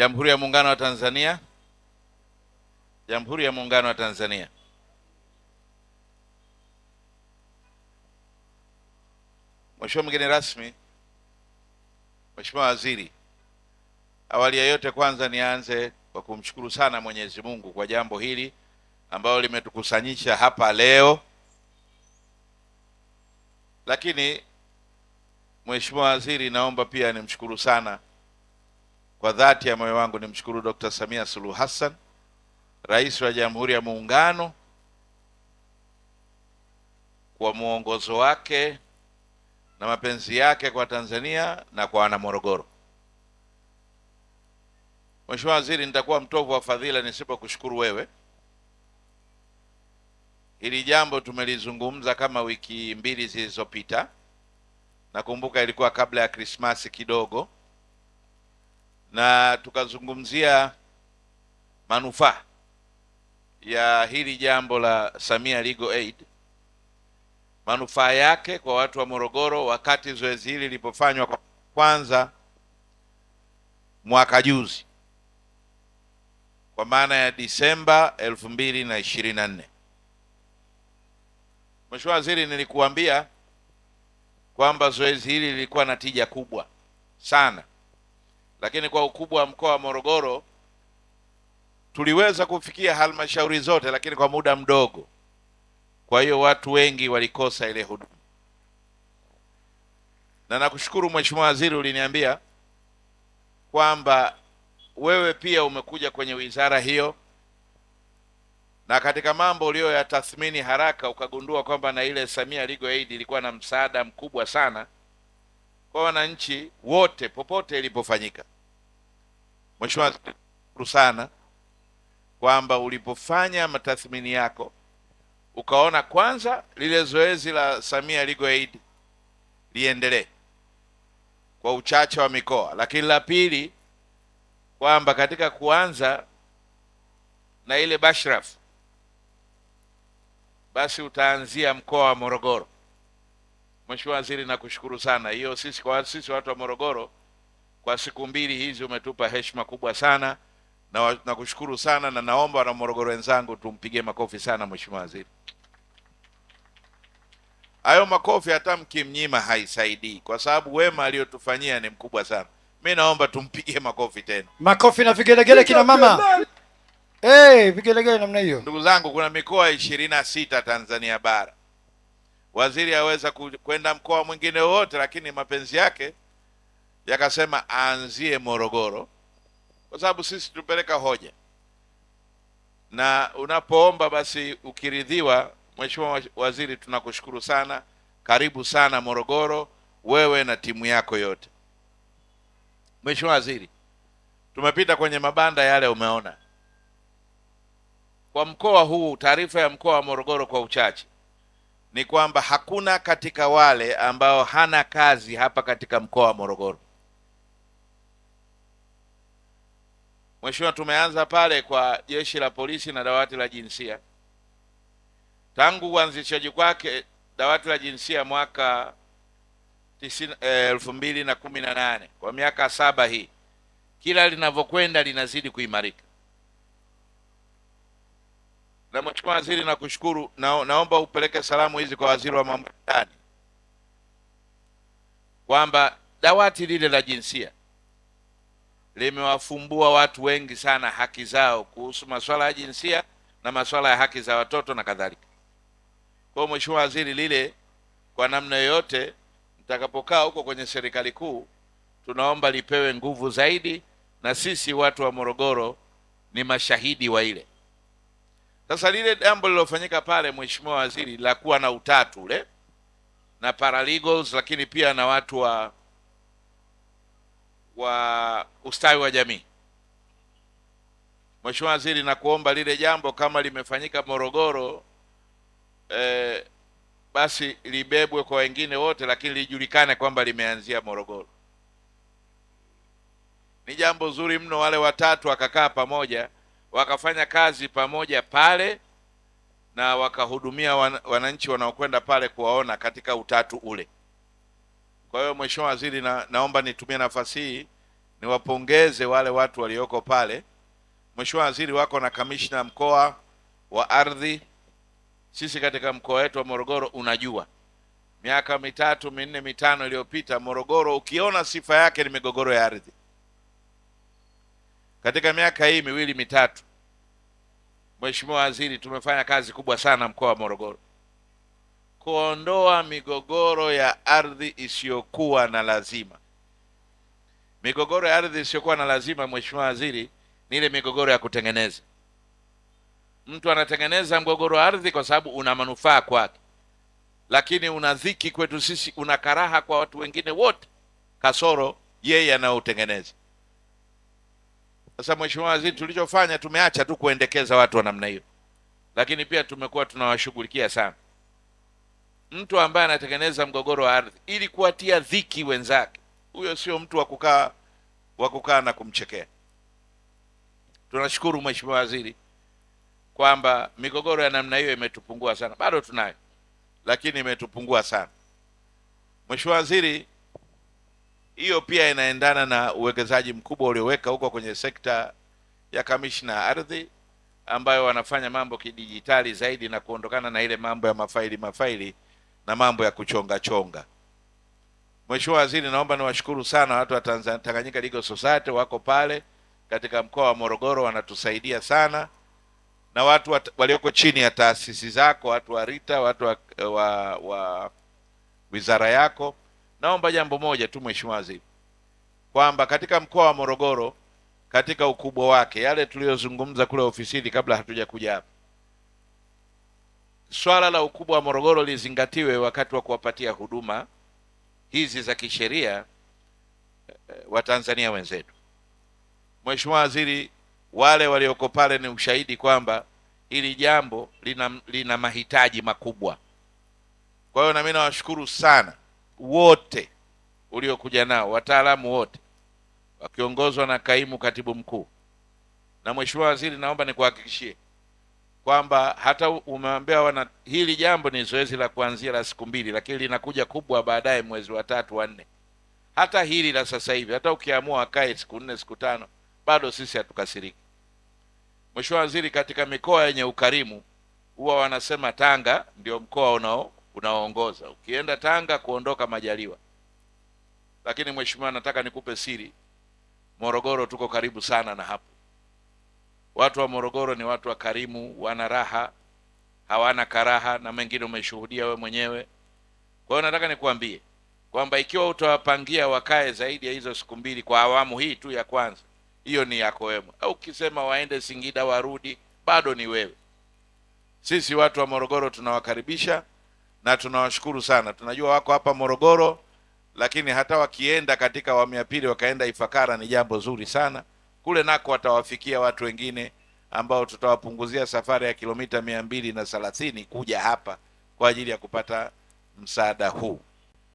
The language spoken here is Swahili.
Jamhuri ya Muungano wa Tanzania, Jamhuri ya Muungano wa Tanzania. Mheshimiwa mgeni rasmi, Mheshimiwa Waziri, awali ya yote kwanza nianze kwa kumshukuru sana Mwenyezi Mungu kwa jambo hili ambalo limetukusanyisha hapa leo. Lakini Mheshimiwa Waziri, naomba pia nimshukuru sana kwa dhati ya moyo wangu nimshukuru Dr. Samia Suluhu Hassan, Rais wa Jamhuri ya Muungano kwa mwongozo wake na mapenzi yake kwa Tanzania na kwa wanamorogoro. Mheshimiwa Waziri, nitakuwa mtovu wa fadhila nisipokushukuru wewe. Hili jambo tumelizungumza kama wiki mbili zilizopita, nakumbuka ilikuwa kabla ya Krismasi kidogo na tukazungumzia manufaa ya hili jambo la Samia Legal Aid, manufaa yake kwa watu wa Morogoro. Wakati zoezi hili lilipofanywa kwa kwanza mwaka juzi, kwa maana ya Disemba elfu mbili na Mheshimiwa Waziri, nilikuambia kwamba zoezi hili lilikuwa na tija kubwa sana lakini kwa ukubwa wa mkoa wa Morogoro tuliweza kufikia halmashauri zote, lakini kwa muda mdogo. Kwa hiyo watu wengi walikosa ile huduma, na nakushukuru Mheshimiwa Waziri, uliniambia kwamba wewe pia umekuja kwenye wizara hiyo na katika mambo uliyoyatathmini haraka ukagundua kwamba na ile Samia Legal Aid ilikuwa na msaada mkubwa sana kwa wananchi wote popote ilipofanyika. Mheshimiwa, shukuru sana kwamba ulipofanya matathmini yako ukaona kwanza lile zoezi la Samia Legal Aid liendelee kwa uchache wa mikoa, lakini la pili kwamba katika kuanza na ile bashrafu basi utaanzia mkoa wa Morogoro. Mheshimiwa Waziri, nakushukuru sana. Hiyo sisi kwa sisi watu wa Morogoro, kwa siku mbili hizi umetupa heshima kubwa sana na nakushukuru sana, na naomba wana Morogoro wenzangu tumpigie makofi sana Mheshimiwa Waziri. Hayo makofi hata mkimnyima haisaidii, kwa sababu wema aliyotufanyia ni mkubwa sana. Mi naomba tumpigie makofi tena, makofi na vigelegele, kina mama eh, hey, vigelegele namna hiyo. Ndugu zangu, kuna mikoa ishirini na sita Tanzania bara Waziri aweza kwenda mkoa mwingine wowote, lakini mapenzi yake yakasema aanzie Morogoro, kwa sababu sisi tupeleka hoja, na unapoomba basi ukiridhiwa, Mheshimiwa Waziri, tunakushukuru sana, karibu sana Morogoro, wewe na timu yako yote. Mheshimiwa Waziri, tumepita kwenye mabanda yale, umeona kwa mkoa huu, taarifa ya mkoa wa Morogoro kwa uchache ni kwamba hakuna katika wale ambao hana kazi hapa katika mkoa wa Morogoro. Mheshimiwa, tumeanza pale kwa jeshi la polisi na dawati la jinsia. Tangu uanzishaji kwake dawati la jinsia mwaka eh, elfu mbili na kumi na nane, kwa miaka saba hii, kila linavyokwenda linazidi kuimarika na Mheshimiwa Waziri, nakushukuru na, naomba upeleke salamu hizi kwa waziri wa mambo ya ndani kwamba dawati lile la jinsia limewafumbua watu wengi sana haki zao kuhusu masuala ya jinsia na masuala ya haki za watoto na kadhalika. Kwa hiyo Mheshimiwa Waziri, lile kwa namna yoyote mtakapokaa huko kwenye serikali kuu, tunaomba lipewe nguvu zaidi, na sisi watu wa Morogoro ni mashahidi wa ile sasa lile jambo lilofanyika pale, mheshimiwa waziri, la kuwa na utatu ule na paralegals, lakini pia na watu wa wa ustawi wa jamii, mheshimiwa waziri, nakuomba lile jambo kama limefanyika Morogoro eh, basi libebwe kwa wengine wote, lakini lijulikane kwamba limeanzia Morogoro. Ni jambo zuri mno, wale watatu wakakaa pamoja wakafanya kazi pamoja pale na wakahudumia wananchi wanaokwenda pale kuwaona katika utatu ule. Kwa hiyo Mheshimiwa Waziri na, naomba nitumie nafasi hii niwapongeze wale watu walioko pale. Mheshimiwa Waziri wako na kamishna mkoa wa ardhi. Sisi katika mkoa wetu wa Morogoro unajua miaka mitatu minne mitano iliyopita Morogoro ukiona sifa yake ni migogoro ya ardhi. Katika miaka hii miwili mitatu, Mheshimiwa Waziri, tumefanya kazi kubwa sana mkoa wa Morogoro kuondoa migogoro ya ardhi isiyokuwa na lazima. Migogoro ya ardhi isiyokuwa na lazima, Mheshimiwa Waziri, ni ile migogoro ya kutengeneza. Mtu anatengeneza mgogoro wa ardhi kwa sababu una manufaa kwake, lakini una dhiki kwetu sisi, una karaha kwa watu wengine wote, kasoro yeye anayoutengeneza. Sasa mheshimiwa waziri, tulichofanya tumeacha tu kuendekeza watu wa namna hiyo, lakini pia tumekuwa tunawashughulikia sana mtu ambaye anatengeneza mgogoro wa ardhi ili kuwatia dhiki wenzake. Huyo sio mtu wa kukaa wa kukaa na kumchekea. Tunashukuru mheshimiwa waziri kwamba migogoro ya namna hiyo imetupungua sana, bado tunayo, lakini imetupungua sana. Mheshimiwa waziri hiyo pia inaendana na uwekezaji mkubwa ulioweka huko kwenye sekta ya kamishna ya ardhi ambayo wanafanya mambo kidijitali zaidi na kuondokana na ile mambo ya mafaili mafaili na mambo ya kuchonga chonga. Mheshimiwa Waziri, naomba niwashukuru sana watu wa Tanganyika Legal Society wako pale katika mkoa wa Morogoro wanatusaidia sana na watu walioko chini ya taasisi zako, watu wa Rita, watu wa, wa, wa wizara yako Naomba jambo moja tu Mheshimiwa Waziri, kwamba katika mkoa wa Morogoro katika ukubwa wake, yale tuliyozungumza kule ofisini kabla hatujakuja hapa, swala la ukubwa wa Morogoro lizingatiwe wakati wa kuwapatia huduma hizi za kisheria eh, Watanzania wenzetu. Mheshimiwa Waziri, wale walioko pale ni ushahidi kwamba hili jambo lina, lina mahitaji makubwa. Kwa hiyo na mimi nawashukuru sana wote uliokuja nao, wataalamu wote wakiongozwa na kaimu katibu mkuu na mheshimiwa waziri, naomba nikuhakikishie kwamba hata umewambia wana hili jambo ni zoezi la kuanzia la siku mbili, lakini linakuja kubwa baadaye mwezi wa tatu wa nne. Hata hili la sasa hivi, hata ukiamua wakae siku nne siku tano, bado sisi hatukasiriki. mweshimua Waziri, katika mikoa yenye ukarimu huwa wanasema Tanga ndio mkoa unao unaoongoza. Ukienda Tanga kuondoka Majaliwa. Lakini mheshimiwa, nataka nikupe siri, Morogoro tuko karibu sana na hapo. Watu wa Morogoro ni watu wakarimu, wana raha, hawana karaha, na mengine umeshuhudia we mwenyewe. Kwa hiyo nataka nikuambie kwamba ikiwa utawapangia wakae zaidi ya hizo siku mbili kwa awamu hii tu ya kwanza, hiyo ni yako wewe. Au ukisema waende Singida warudi, bado ni wewe. Sisi watu wa Morogoro tunawakaribisha na tunawashukuru sana. Tunajua wako hapa Morogoro, lakini hata wakienda katika awamu ya pili wakaenda Ifakara ni jambo zuri sana. Kule nako watawafikia watu wengine ambao tutawapunguzia safari ya kilomita mia mbili na thelathini kuja hapa kwa ajili ya kupata msaada huu.